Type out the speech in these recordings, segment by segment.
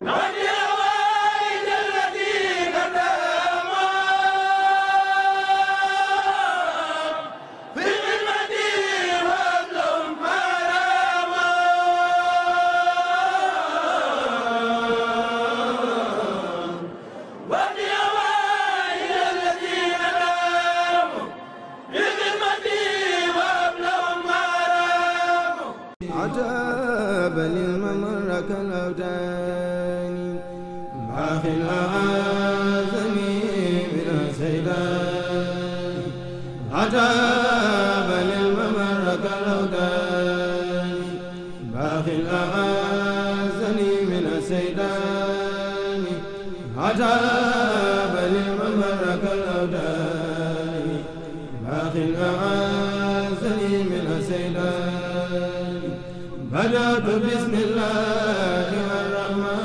Навек! السيلان بدأت بسم الله الرحمن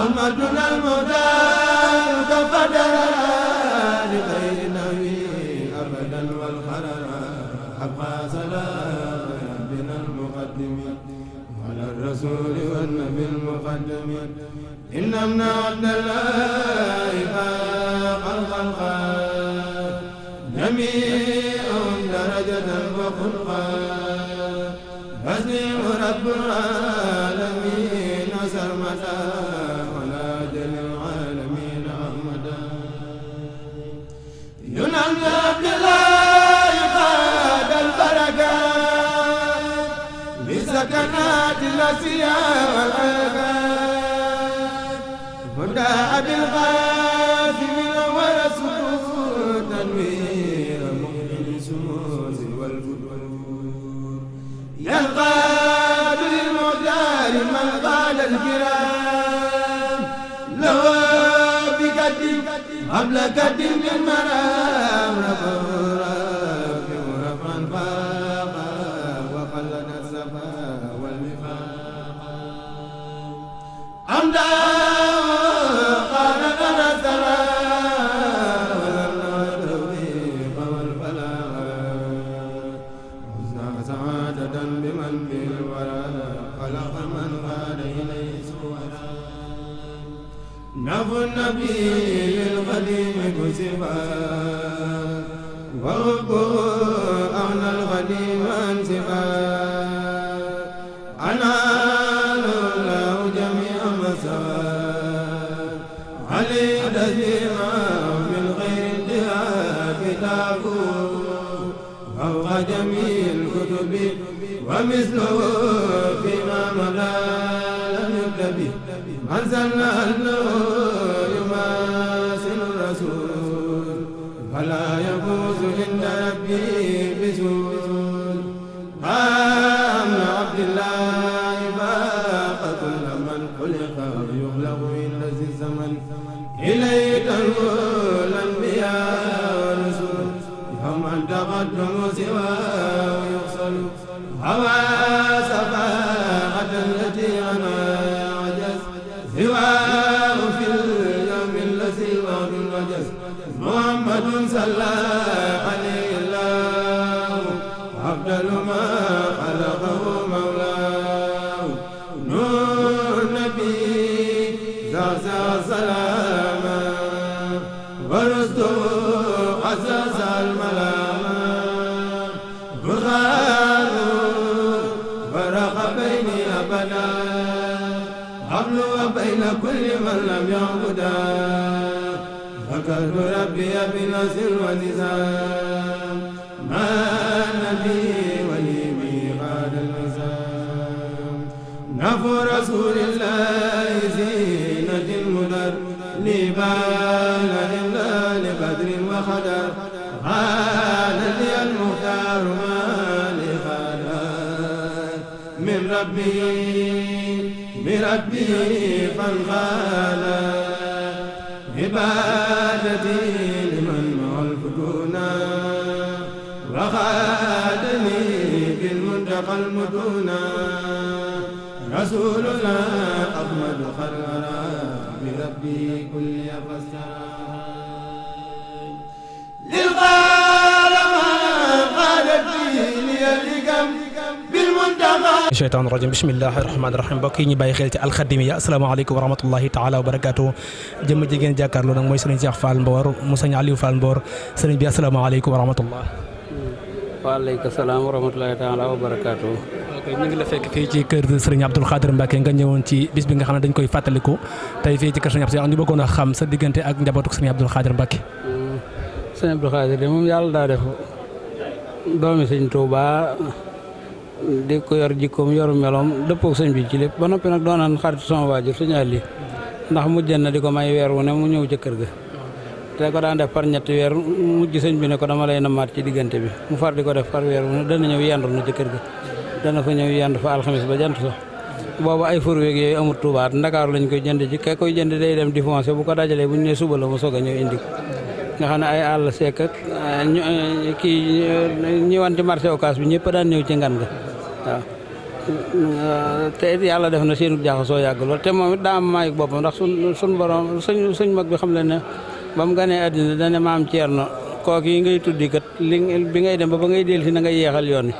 أحمدنا المدى تفدى لغير نبي أبدا والخلل حقا سلام ربنا المقدم على الرسول والنبي المقدم إن من عبد الله خلق الخلق جميع درجة وخلقا بسم فاسلم ربنا الراسية والأبد هدى أبي القاسم الأول سطور تنوير مؤمن سموز والفتور يلقى بالمقدار من قال الكرام له بقدم قبل قدم المرام رفض كتاب هو جميع الكتب ومثله فيما مدى لم يبدأ به من زل أنه والدم سواه يغسل هوى سفاقة التي أنا عجز هواه في اليوم الذي وعد وجز محمد صلى عليه الله أفضل ما خلقه مولاه نور النبي زعزع السلام من لم يعبد فكرت ربي بنصر ونزام ما نبي ولي ميقات النزام نفو رسول الله زينة المدر لبال إلا لقدر وخدر قال لي المختار ما لخدر من ربي ربي فانغالى عبادتي لمن مع الفتونا في المنتقى المتونا رسولنا أحمد خلقنا بربي كل فسرى للغاية sheytaan rajim bisimilahi rahmaani rahim mbokk yi ñu bàyyi xel ci alxadimiya asalaamaaleykum wa rahmatullahi taala wa barakaatu jëmm ji ngeen jàkkaarloo nag mooy sëriñ Cheikh Fall Mbor mu sëriñ Aliou Fall Mbor sëriñ bi asalaamaaleykum wa rahmatullah waaleykum salaam wa rahmatullahi taala wa barakaatu ok ñu ngi la fekk fii ci kër sëriñ Abdoul Khadir Mbacke nga ñëwoon ci bis bi nga xam ne dañ koy fàttaliku tey fii ci kër sëriñ Abdoul ñu bëggoon a xam sa diggante ak njabootu sëriñ Abdoul Khadir Mbacke sëriñ Abdoul Khadir moom yàlla daa def doomi sëriñ Touba di ko yor jikkoom yoru meloom dëppook sëñ bi ci lépp ba noppi nag doonaan xarit sama waajur sëñ Aliou ndax mujjan na di ko may weer wu ne mu ñëw ca kër ga te ko daan def par ñetti weer mujj sëñ bi ne ko dama lay namaat ci diggante bi mu far di ko def par weer wu ne dana ñëw yendu na ca kër ga dana fa ñëw yendu fa alxamis ba jant so boobu ay furweeg yooyu amul tubaat ndakaaru lañ koy jënd ci ka jënd day dem di bu ko dajalee bu ñu ne suba la mu a ñëw indi ko bi ñëpp daan ñëw ci ngan waaw te it yàlla def na seenu jaxasoo yàgg lool te moom it daa am maayu boppam ndax suñ suñ borom suñ suñ mag bi xam le ne ba mu ganee àddina dane maam Ceerno kook yi ngay tuddi li bi ngay dem ba ba ngay dellu si na ngay yeexal yoon wi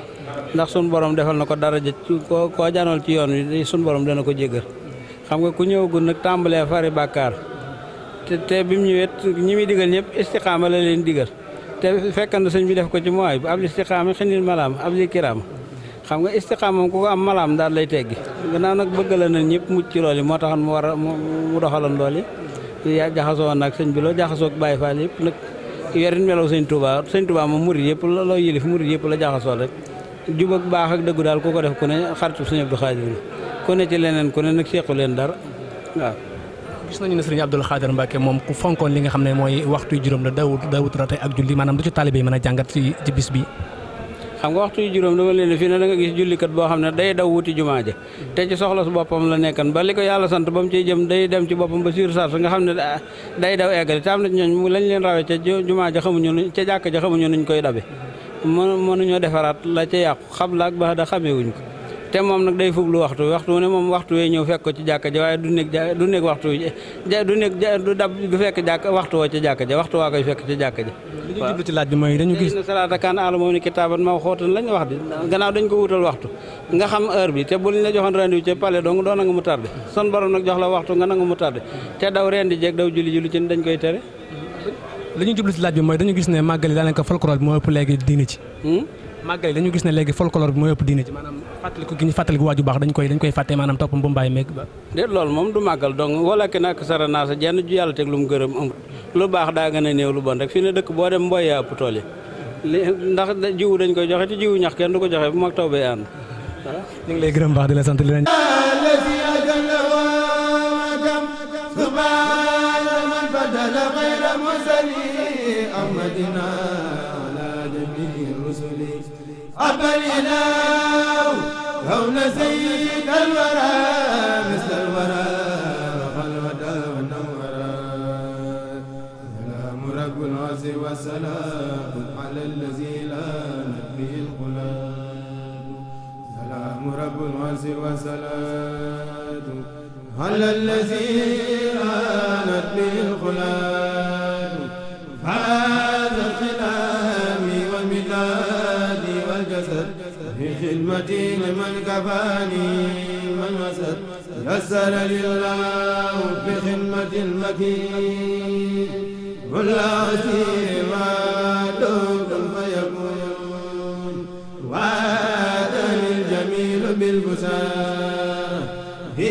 ndax suñ borom defal na ko daraja ko koo janool ci yoon wi suñ borom dana ko jéggal xam nga ku ñëwagul nag tàmbalee fari bàkkaar te bi mu ñëwet ñi muy digal ñëpp istiqaama la leen digal te fekk na sëñ bi def ko ci mooy xam nga istiqaamam ku ko am malaam daal lay teggi gannaaw nag bëggala na ñëpp mu ci loolu moo taxoon mu war a mu doxaloon loolu yi yaa jaxasoo nag sëñ biloo loo jaxasoo ak Baay Faal yëpp nag yorin melaw sëñ Touba sëñ Touba moom murit yëpp loo yilif murit yëpp la jaxasoo rek jub ak baax ak dëggu daal ku ko def ku ne xaritu sëñ Abdou Khadir ku ne ci leneen ku ne nag seequ leen dara waaw gis nañu ne sëriñ Abdou Khadir Mbacke moom ku fonkoon li nga xam ne mooy waxtu juróom la daawut daawut rate ak julli maanaam du ci taalibe yi mën a jàngat ci bis bi xam nga waxtu yu juróom dama leen fii ne da nga gis jullikat boo xam ne day daw wuti jumaa ja te ci soxla su boppam la nekkan ba li ko yàlla sant ba mu ciy jëm day dem ci boppam ba sur sars nga xam ne day daw eggali te am na ñooñ lañ leen rawee ca jumaa ja xamuñu nu ca jàkk ja xamuñu nuñ koy dabe mënuñoo defaraat la ca yàqu xam laak baax da xamewuñ ko te moom nag day fuglu waxtu waxtu ne moom waxtu wee ñëw fekk ko ci jàkk ja waaye du nekk ja du nekk waxtu du nekk du dab du fekk jàkk waxtu woo ci jàkka ja waxtu waa koy fekk ci jàkka ja li ñu jublu ci laaj bi mooy dañu gis na salaata kan àla moom kitaaban ma xootan lañ wax di gannaaw dañ ko wutal waxtu nga xam heure bi te bu la joxoon rendez-vous ca palais dong a nangu mu tardé son borom nag jox la waxtu nga nangu mu tardé te daw rendi jeeg daw julli julli ci dañ koy tere li ñu jublu ci laaj bi mooy dañu gis ne màggal yi daanaka folklore bi moo ëpp léegi diine ci hmm? magal dañu gis ne legui folklore bi mooy ëpp diine ci manam fatali ko giñu fatali fàttali ko waaju baax dañ koy dañ koy faté manam topum bu mbaay meeg ba déet loolu mom du magal donc wala ki nak sara na sa jenn ju yalla teg lu mu gërëm amut lu bax da nga a new lu bon rek fi ne dëkk bo dem mbooy ya pu tool ndax jiwu dañ koy joxe te jiwu ñax kenn du ko joxe bu mak taw an ànd ñu ngi lay gërëm bax di la sant li lañ سبحان من بدل غير مسلم أبرينا كون سيد الورى مثل الورى الودى والنورى سلام رب العز وسلام على الذي لا نبي القلاب سلام رب العز وسلام على الذي لا نبي القلاب للمتين من كفاني من وسد يسر لله بخدمة المتين كل أسير ما دوكم فيكون وعاد الجميل بالبسار في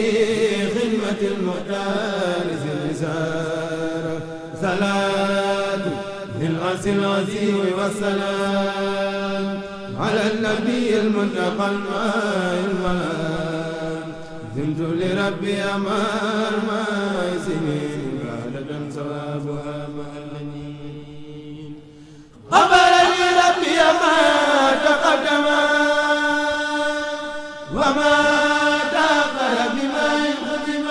خدمة المحتال سلسار صلاة للأس العزيز والسلام على النبي المنتقى الماء زمت لربي أمار ماي سنين بعد ثوابها مهلني قبلني ربي ما تقدم وما تأخر بما يقدم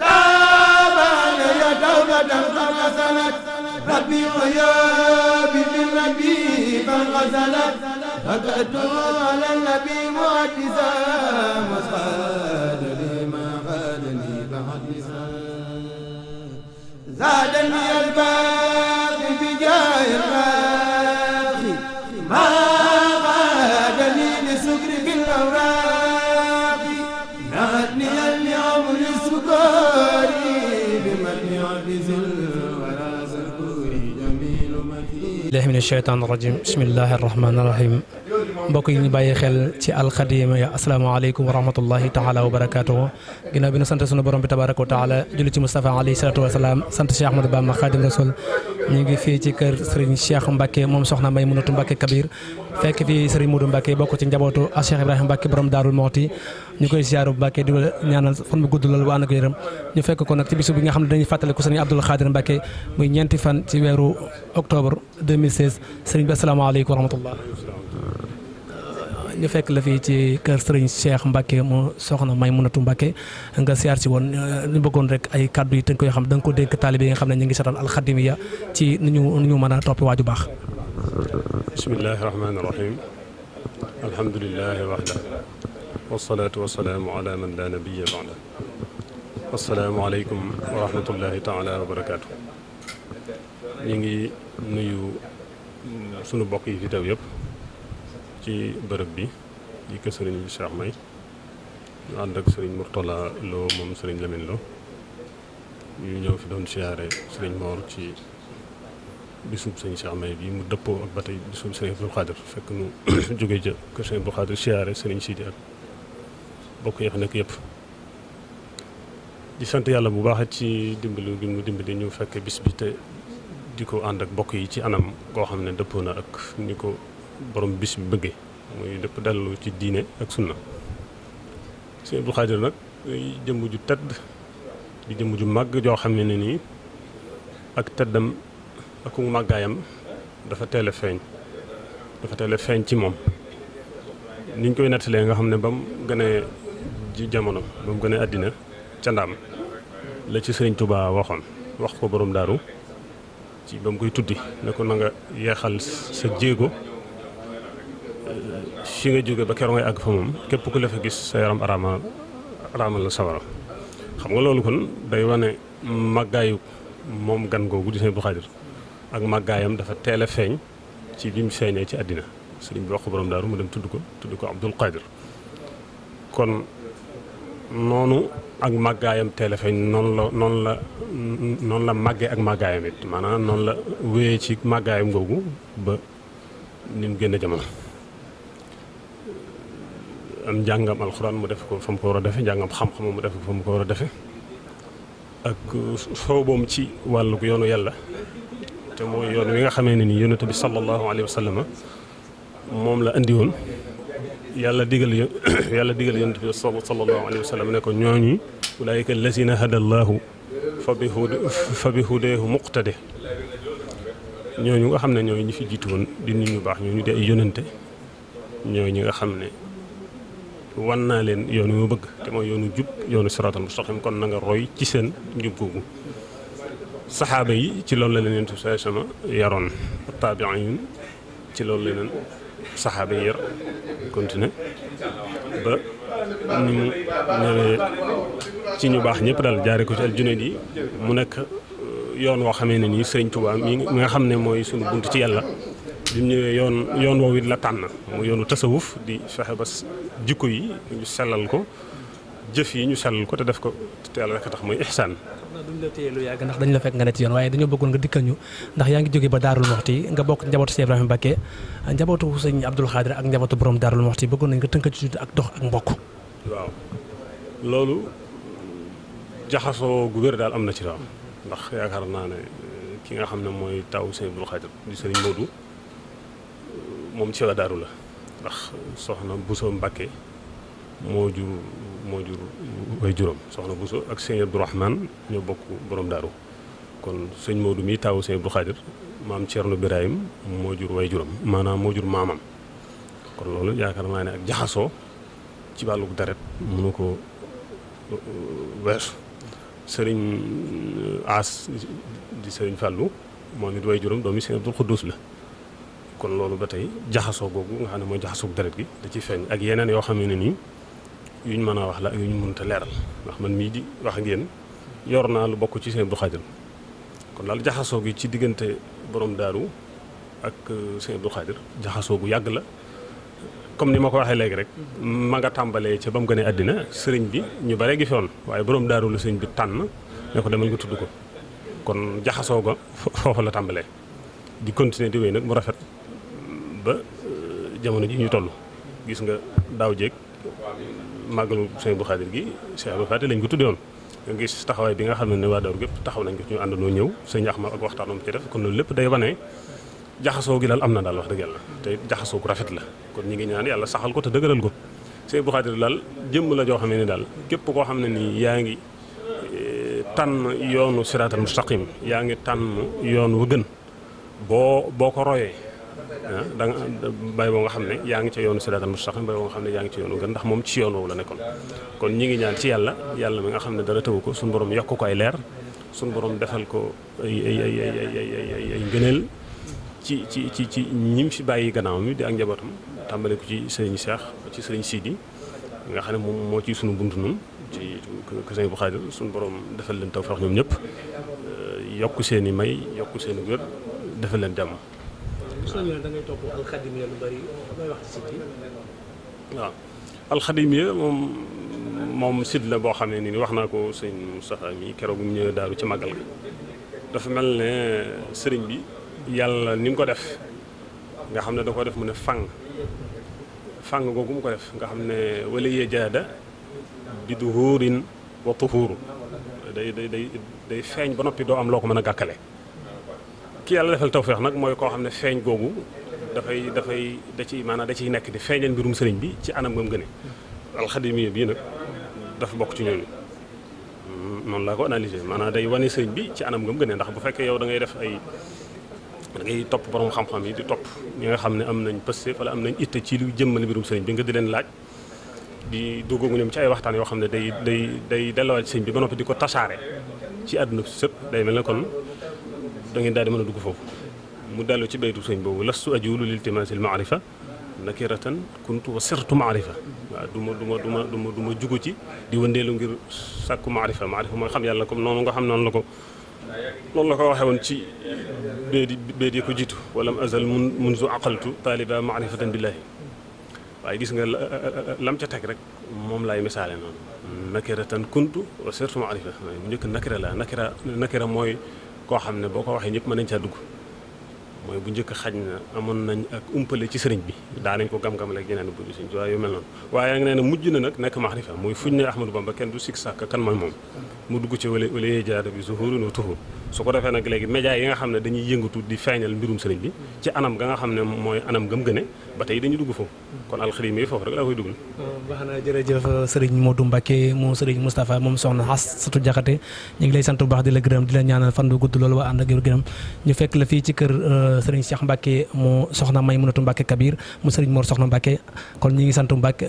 تاب علي توبة سنة ربي وياه غزلت فقدت على النبي معجزا وصاد لي ما خادني بعد زادني الباب الله من الشيطان الرجيم بسم الله الرحمن الرحيم mbokk yi ñu bàyyi xel ci al khadim ya assalamu alaykum wa rahmatullahi taala wa barakatuh ginnaaw bi nu sante sunu borom bi tabaaraku taala julli ci Moustapha alayhi salatu wasalaam sante Cheikh Ahmadou Bamba Khadim rasul ñi ngi fi ci kër Serigne Cheikh Mbacke mom soxna May Munatu Mbacke Kabir fekk fi Serigne Modou Mbacke bokk ci njabotu a Cheikh ibrahim Mbacke borom darul Moxti ñukoy ziaru bu Mbacke di ñaanal fon bu guddul wa nak yeeram ñu fekk ko nak ci bisu bi nga xamne dañuy fatale ko Serigne abdul Khadir Mbacke muy ñenti fan ci wéru octobre 2016 Serigne bi assalamu alaykum wa rahmatullah ñu fekk la fii ci kër Serigne Cheikh Mbacke mu soxna Maymunatu Mbacke nga siyaar si woon euh, ñu bëggoon rek ay kàddu yi tënk yoo xam da nga ko dénk taalibe yi nga xam ne ñu ngi seetaan alxadimiya ci nu ñu nu ñu mën a topp waaju baax. bismillahi rahmaani rahim alhamdulillahi wahda wasalaatu wasalaamu ala man la nabiya ba'da assalaamu aleykum wa rahmatullahi taala wa ngi nuyu sunu bokk yi fi ci bërëb bi yi ko sëriñ bi may ñu ànd ak sëriñ Mourtala Lo moom sëriñ Lamine Lo ñu ñëw fi doon siyaare sëriñ Mor ci bisub sëñ Cheikh may bi mu dëppoo ak ba tey bisub sëriñ Abdou Khadir fekk nu jóge jë kër sëriñ Abdou Khadir siyaare sëriñ Sidi ak bokk yi fa nekk yëpp di sant yàlla bu baax ci dimbali gi mu dimbali ñu fekk bis bi te di ko ànd ak bokk yi ci anam goo xam ne dëppoo na ak ni ko borom bis bi bëggee muy lépp dellu ci diine ak sunna sëñ Abdou Khadir nag jëmm ju tëdd di jëmm ju màgg joo xam ne nii ak teddam ak ku màggaayam dafa teel a feeñ dafa teel feeñ ci moom niñ koy nettalee nga xam ne ba mu gën ji jamono ba mu gënee àddina candaam la ci sëriñ Touba waxoon wax ko borom daaru ci ba mu koy tuddi ne ko na yeexal sa jéego fi nga jóge ba keroog ngay àgg fa moom képp ku la fa gis sa yaram araama araama sawara xam nga loolu kon day wane màggaayu moom gan googu di Sëriñ Abdou Khadr ak màggaayam dafa teel a feeñ ci bi mu feeñee ci àddina sëriñ bi wax ko daaru mu dem tudd ko tudd ko Abdul Qadir kon noonu ak màggaayam teel a feeñ noonu la noonu la noonu la màggee ak màggaayam it maanaam noonu la wéyee ci màggaayam googu ba ni génn jamono am njàngam alxuraan mu def ko fa mu ko war a defe njàngam xam-xamam mu def ko fa mu ko war a defe ak uh, sooboom ci wàllu yoonu yàlla te mooy yoon wi nga xamee ne nii yonent bi la andi woon yàlla digal yàlla digal yonent bi sallallahu alayhi wa sallam ne ñooñu ulaayika lazina hadallahu fa bi huda fa bi hudeehu muqtade nga xam ne ñooy ñi fi jiitu woon di nit ñu baax ñooñu di ay yonente ñooy ñi nga xam ne wan naa leen yoon moo bëgg te mooy yoonu jub yoonu siraatal mustaqim kon na nga roy ci seen njub googu saxaaba yi ci loolu la leen yonent bi sallallahu alayhi wasallam yaroon loolu la leen saxaaba yi yar continué ba ni ñëwee ci ñu baax ñëpp daal jaare ko ci aljunayd yi mu nekk euh, yoon woo xamee ne nii Sëriñ Tuubaa mi nga xam ne mooy sunu bunt ci yàlla bi mu ñëwee yoon yoon woowu it la tànn mu yoonu tasawuf di fexe ba jikko yi ñu sellal ko jëf yi ñu sellal ko te def ko te yàlla rek tax mooy ihsaan duñ la téye lu yàgg ndax dañ la fekk nga ne ci yoon waaye dañoo bëggoon nga dikkal ñu ndax yaa ngi ba daarul moxti nga bokk njabootu sëñ Ibrahima Mbacké njabootu sëñ Abdoul Khadir ak njabootu borom daarul moxti bëggoon nañ nga tënk ci ak dox ak mbokk waaw loolu jaxasoo gu wér daal am na ci waaw ndax yaakaar naa ne ki nga xam ne taw sëñ Abdoul Khadir di sëriñ Modou moom ci waa daaru la ndax soxna Bousso Mbacké moo jur moo jur way juróom soxna Bousso ak sëñ Abdou Rahman ñoo bokk boroom daaru kon sëñ Modou mi taawu sëñ Abdou Khadir maam Thierno Birahim moo jur way juróom maanaam moo jur maamam kon loolu yaakaar naa ne ak jaxasoo ci wàllu deret mënu ko euh, weesu sëriñ euh, As di sëriñ Fallou moom it way juróom doomi sëñ Abdou Khoudous la kon loolu ba tey jaxasoo googu nga xam ne mooy jaxasoog deret gi da ciy feeñ ak yeneen yoo xam ne nii yuñ mën a wax la ak yuñ mënut a leeral ndax man mii di wax ngeen yor naa lu bokk ci seen bu Khadir kon daal jaxasoo gi ci diggante borom daaru ak euh, seen bu Khadir jaxasoo gu yàgg la comme ni ma ko waxee léegi rek ma nga tàmbalee ca ba mu gën a àddina sëriñ bi ñu bare gi fi waaye borom daaru la sëriñ bi tànn ne ko demal nga tudd ko kon jaxasoo ga foofu la tàmbalee di continuer di nag mu rafet ba euh, jamono ji ñu tollu gis nga daw jek màggalu seigne bu xaadir gi Cheikh abou Fatih lañ ko tudde woon nga gis taxaway bi nga xam ne waa daaru gépp taxaw nañ ko ñu and no ñew seigne ahmad ak waxtaanam ci def kon loolu lépp day wané jaxaso gi dal amna dal wax deug yalla te jaxaso ku rafet la kon ñi ngi ñaan yalla saxal ko te dëgëral ko sëñ bu xaadir daal jëmm la jo xam ni dal kep ko xam ni yaangi eh, tan yoonu siratal mustaqim yaangi tan yoonu yoon wu gën boo boo ko Ah, da nga bay boo nga xam ne yaa ngi ca yoonu siraatal mustaqim bay boo nga xam ne yaa ngi ca yoonu gën ndax moom ci yoon woowu la nekkoon kon ñi ngi ñaar ci yàlla yàlla mi nga xam ne dara tëwu ko suñu borom yokk ko leer suñu borom defal ko ay ay ay ci ci ci ci ñim fi bàyyi gannaaw mi njabootam tàmbale ko ci sëriñ Cheikh ci sëriñ Sidi nga xam ne moom moo ci suñu buntu nun ci kër sëriñ bu suñu borom defal leen tawfeex ñoom ñëpp yokk seen i may yokk seen i wér defal leen jàmm gis nañu ne da ngay topp alxadimiya lu moom moom site la boo xam ne nii wax naa ko sëñ Moustapha mi keroog mu ñëwee daaru ci màggal ga dafa mel ne sëriñ bi yàlla ni mu ko def nga xam ne da ko def mu ne fang fang googu mu ko def nga xam ne wala yee jaada bi duhuurin wa day day day day feeñ ba noppi doo am loo ko mën a gàkkale. ki yàlla defal tawféex nag mooy koo xam ne feeñ googu dafay dafay da ciy maanaam da ciy nekk di feeñal mbirum sëriñ bi ci anam gam gëne alxadimiya bii nag daf bokk ci ñooñu noonu laa ko analyser maanaam day wane sëriñ bi ci anam gam gëne ndax bu fekkee yow da ngay def ay da ngay topp borom xam-xam yi di topp ñu nga xam ne am nañ pëste wala am nañ itte ci lu jëmmal mbirum sëriñ bi nga di leen laaj di dugg ñoom ci ay waxtaan yoo xam ne day day day delluwaat sëriñ bi ba noppi di ko tasaare ci àdduna bi day mel ne da ngeen daal di mën dugg foofu mu dellu ci baytu sëñ boobu lastu ajulu liltimaasil maarifa nakiratan kuntu wa sirtu ma'rifa waaw du ma du ma du ma du ma du ma jugu ci di wëndeelu ngir sàkku maarifa maarifa mooy xam yàlla comme noonu nga xam noonu la ko noonu la ko waxee woon ci béedi béedi ko jiitu walam azal mun munzu aqaltu taaliba maarifatan billahi waaye gis nga lam ca teg rek moom laay misaale noonu nakiratan kuntu wa sirtu ma'rifa bu njëkk nakira la nakira nakira mooy koo xam ne boo ko waxee ñëpp mën nañ caa dugg mooy bu njëkk xaj na amoon nañ ak umpale ci sëriñ bi daa nañ ko gam-gam la geneen bu sëriñ Tuubaa yu mel noonu waaye yaa ngi ne mujj na nag nekk maxrifa muy fuñ ne Ahmadou Bamba kenn du sikk sàkk kan mooy moom mu dugg ci wala wala yee jaada bi zuhurun wa tuhur su ko defee nag léegi média yi nga xamné ne dañuy yëngatu di fagnal mbirum sëriñ bi ci anam nga xamné moy anam gëm gëné ba tay dañuy dugg fofu kon al khirimi fofu rek la koy dugg baax na jërëjëf sëriñ Modou mbacké mo sëriñ mustapha mom soxna has satu jaxaté ñi ngi lay sant bu baax di la gërëm di la ñaanal fan du gudd lool wa and ak gërëm ñu fekk la fi ci kër euh, sëriñ Cheikh mbacké mu soxna may mënatu Kabir mo sëriñ Mor soxna mbacké kon ñi ngi sant Mbacke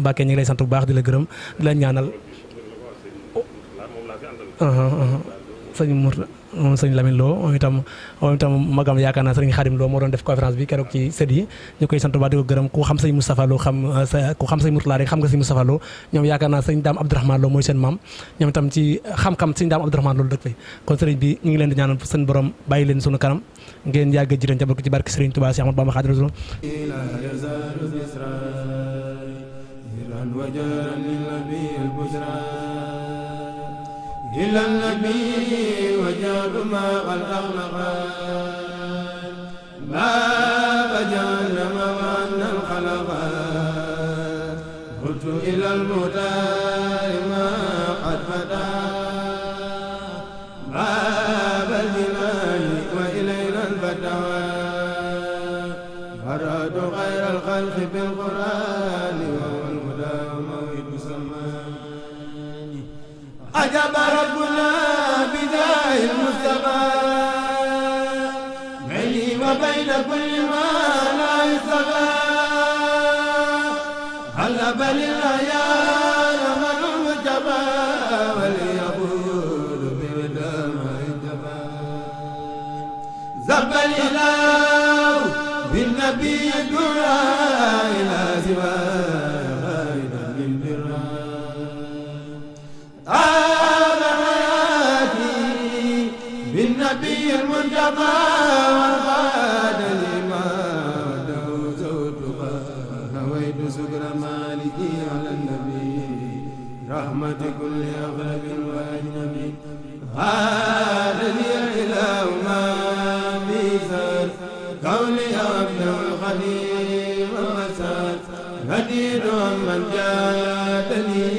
mbacké euh, ñi ngi lay sant bu baax di la gërëm di la ñaanal moom sëñ Lamine Lo moom itam moom itam magam yaakaar naa sëriñ Xadim Lo moo doon def conférence bi keroog ci sët yi ñu koy sant ba di ko gërëm ku xam sëñ Moustapha Lo xam euh, ku xam sëñ Mourtala rek xam nga sëñ Moustapha Lo ñoom yaakaar naa sëñ Daam Abdourahmane Lo mooy seen maam ñoom itam ci xam-xam sëñ Daam Abdourahmane Lo dëkk fay kon sëriñ bi ñu ngi leen di ñaanal seen borom bàyyi leen sunu kanam ngeen yàgg a jiran jabal ci barke sëriñ Touba Cheikh إلى النبي وجاب ما قد أغلقان ما جهنم وأن الخلق قلت إلى المختار ما قد فتى باب الإله وإلينا الفتوى فرأت غير الخلق بالقرآن أجاب ربنا بداية المستمع بيني وبين كل ما ومسات هديد من جادني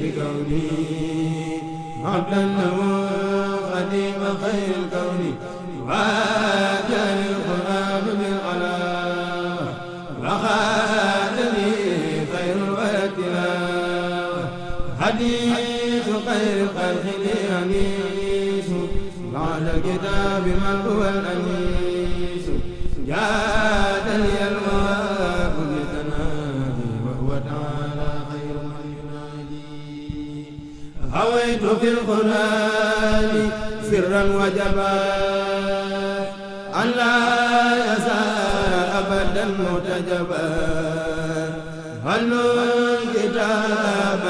بكوني عبدا له خديم خير الكون واجل الخلاف بالقلام وخادني خير التلاوة حديث خير الخلق لي أنيس بعد الكتاب من هو الامين في القرآن سرا وجبا أن لا يزال أبدا متجبا هل الكتاب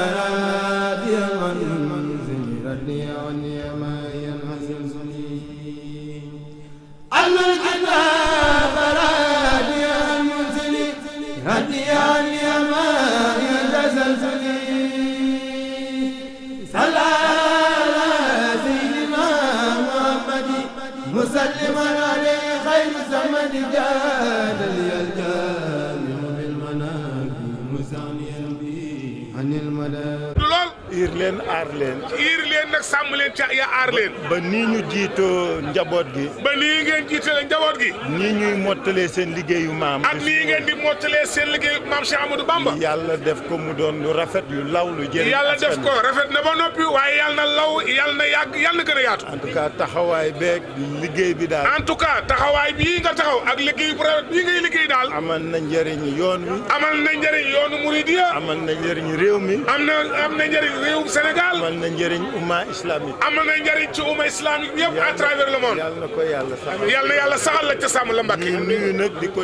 yar leen. yéen nag sàmm leen ca ya aar leen. ba nii ñu jiitoo njaboot gi. ba nii ngeen jiitale njaboot gi. nii ñuy mottalee seen liggéeyu maam. ak nii ngeen di mottalee seen liggéeyu maam Cheikh Amadou Bamba. yàlla def ko mu doon lu rafet lu law lu jëriñ. yàlla def ko rafet na ba noppi waaye yàlla na law yàlla na yàgg yàlla na gën a yaatu. en tout cas taxawaay beeg liggéey bi daal. en tout cas taxawaay bii nga taxaw ak liggéey bu rafet bii ngay liggéey daal. amal na njëriñ yoon wi. amal na njëriñ yoonu Mouridiya. amal na njëriñ réew mi. am na am na njëriñ réewum Sénégal. amal na njëriñ umma umma islamique. amal na njëriñ ci umma islamique bi yëpp à travers le monde. yàlla na ko yàlla saxal yàlla na yàlla saxal la ca sàmm la Mbàkke. ñu nuyu nag di ko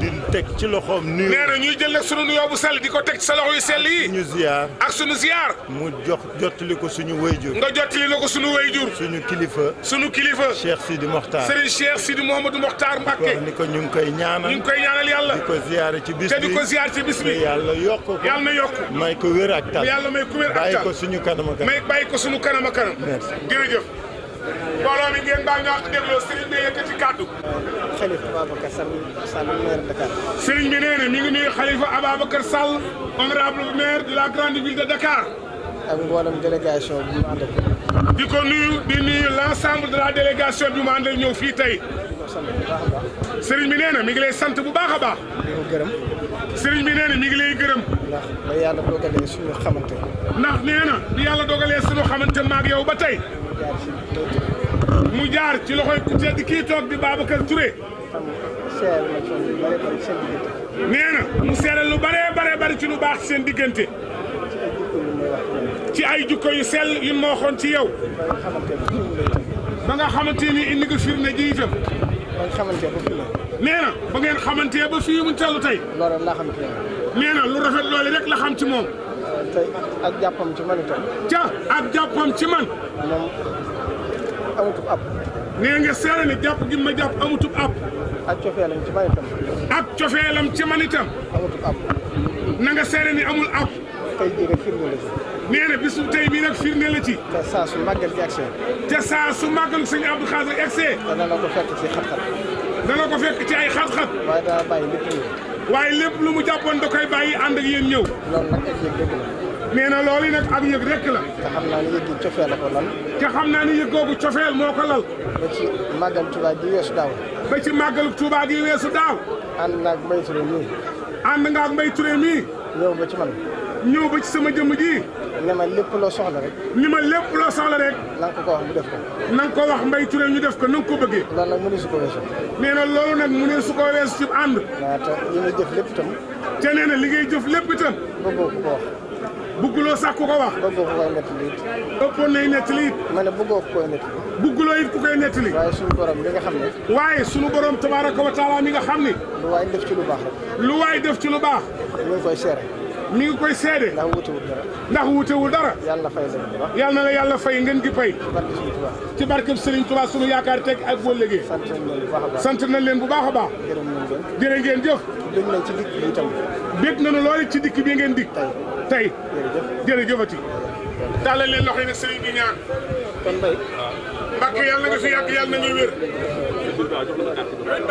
di teg ci loxoom nuyu. nee na ñuy jël nag sunu nuyoo bu sell di ko teg ci sa loxo yu sell yi. suñu ziar ak suñu ziar. mu jox jottali ko suñu wayjur. nga jottali la ko suñu wayjur. suñu kilifa. suñu kilifa. Cheikh Sidi Mokhtar. Serigne Cheikh Sidi Mouhamadou Mokhtar Mbacke. ni ñu ngi koy ñaanal. ñu koy ñaanal yàlla. di ziar ci bis bi te di ko ziar ci bis bi. yàlla yokk ko yàlla na yokk. may ko wér ak tal. yàlla may ko wér ak tal bàyyi suñu kanam ak. may bàyyi suñu kanam a kanam jërëjëf mbooloo mi ngeen baal ñoo de Dakar sëriñ bi nee na mi ngi o xalifa Ababacar Sall honorable maire de la grande ville de Dakar ak mboolem délégation bi mu ànd ak ensemble de la délégation bi mu àndal sëriñ bi nee na mi ngi lay sant bu baax a baax. gërëm. sëriñ bi nee na mi ngi lay gërëm. ndax ba yàlla dogalee suñu xamante. ndax nee na bi yàlla dogalee suñu xamante maag yow ba tey. mu jaar ci loxoy ku tedd kii toog di Babacar Touré. nee na mu seeral lu bëree bare bëri ci lu baax seen diggante. ci ay jukko yu sell yu ma waxoon ci yow. ba nga xamante ni indi nga firnde ji ba nga xamante ba fii nee na ba ngeen xamante ba fii mu toll tey. loolu rek laa xam ci moom. na lu rafet loolu rek la xam ci moom. Euh, tey ak jàppam ci man itam. ca ak jàppam ci man. moom amutub ab. nee nga seere ne jàpp gi ma jàpp amutub ab. ak cofeelam ci man itam. ak cofeelam ci man itam. amutub ab. na nga seere ne amul ab. tey jii rek firnde la nee na bisu tey bii nag firnde la ci. te saa su màggal gi accès. te saa su màggal sëñ Abdou Khadre accès. dana la ko fekk ci xat-xat. dana ko fekk ci ay xat-xat. waaye dana bàyyi lépp ñëw. waaye lépp lu mu jàppoon da koy bàyyi ànd ak yéen ñëw. loolu nag ak yëg rek la. nee na loolu nag ak yëg rek la. te xam naa ni yëg yi cofeel la ko lal. te xam naa ni yëg googu cofeel moo ko lal. ba ci màggal Touba gi weesu daaw. ba ci màggal Touba gi weesu daaw. ànd naag Mbaye Touré mii. ànd nga ak Mbaye Touré mii. ñëw ba ci man. ñëw ba ci sama jëmm ji ne ma lépp loo soxla rek. ni ma lépp loo soxla rek. na nga ko ko wax mu def ko. na nga ko wax Mbaye Touré ñu def ko na nga ko bëggee. loolu nag mu ne su ko weesu. nee na loolu nag su ko weesu ci ànd. waaw te li ngay jëf lépp itam. te jëf lépp itam. bëggoo ko ko wax. bëgguloo sax ku ko wax. bëggoo ku koy nettali it. ëppoon nay nettali ma ne bëggoo ku koy nettali. bëgguloo it ku koy nettali. waaye sunu borom mi nga xam ne. waaye sunu borom tabaaraka wa taala mi nga xam ne. lu waay def ci lu baax rek. lu waay def ci lu baax. mi ngi koy seere. mi ngi koy seede. ndax wutewul dara. ndax wutewul dara. yàlla fay la yàlla na la yàlla fay ngeen gi fay. ci barkeb Serigne Touba sunu yaakaar teg ak boo léegi. sant nañ leen bu baax a baax. jërë ngeen jëf. dégg nañ ci dikk bi itam. dégg nañu loolu ci dikk bi ngeen dikk. tey jërëjëfati. tàllal leen loxo yi nag Serigne bi ñaan. kon bay. mbàkk yàlla nga fi yàgg yàlla na ñuy wér.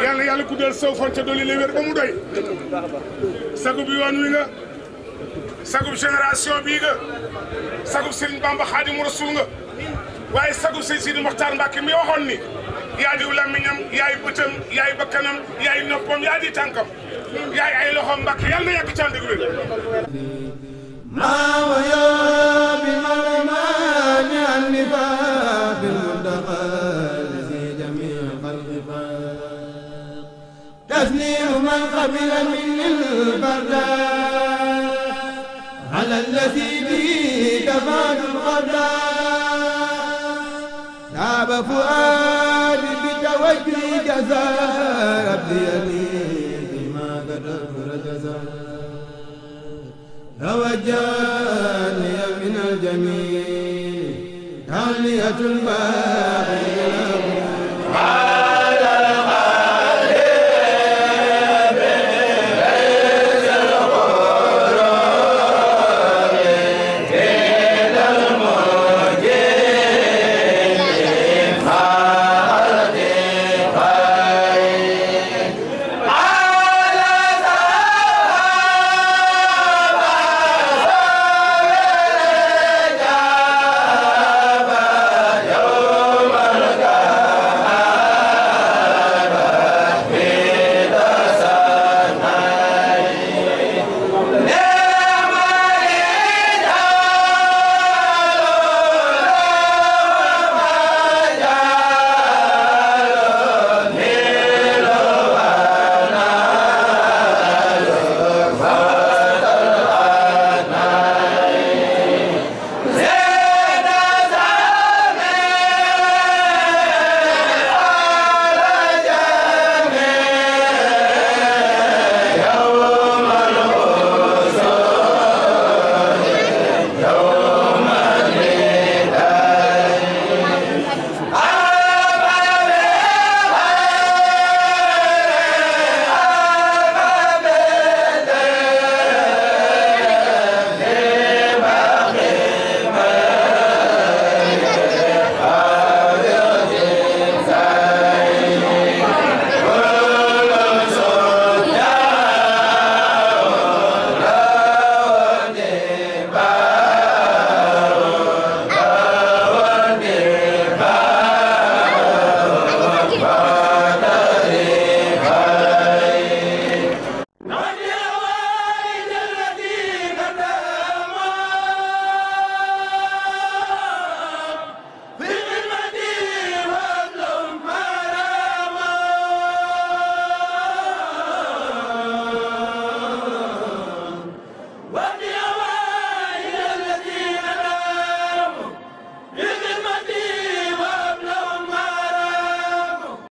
yàlla yàlla ku del saw fan ca dolli la wér ba mu doy. sagu bi yoon wi nga. sagum génération bi nga sagum Serigne Bamba khadim rasoul nga waye sagum serigne mokhtar mbake mi waxon ni yaay diou làmmiñam yaay beutam yaay bakanam yaay noppam yaay di tànkam yaay ay loxom mbake yàlla yak na yàgg ca ànd ak wér تثنير من قبل مني البرداء على الذي به كمال الغدا تعب فؤادي بتوجهي جزاء بيمين بما قدم رجزا توجهني من الجميل تعلية الباقي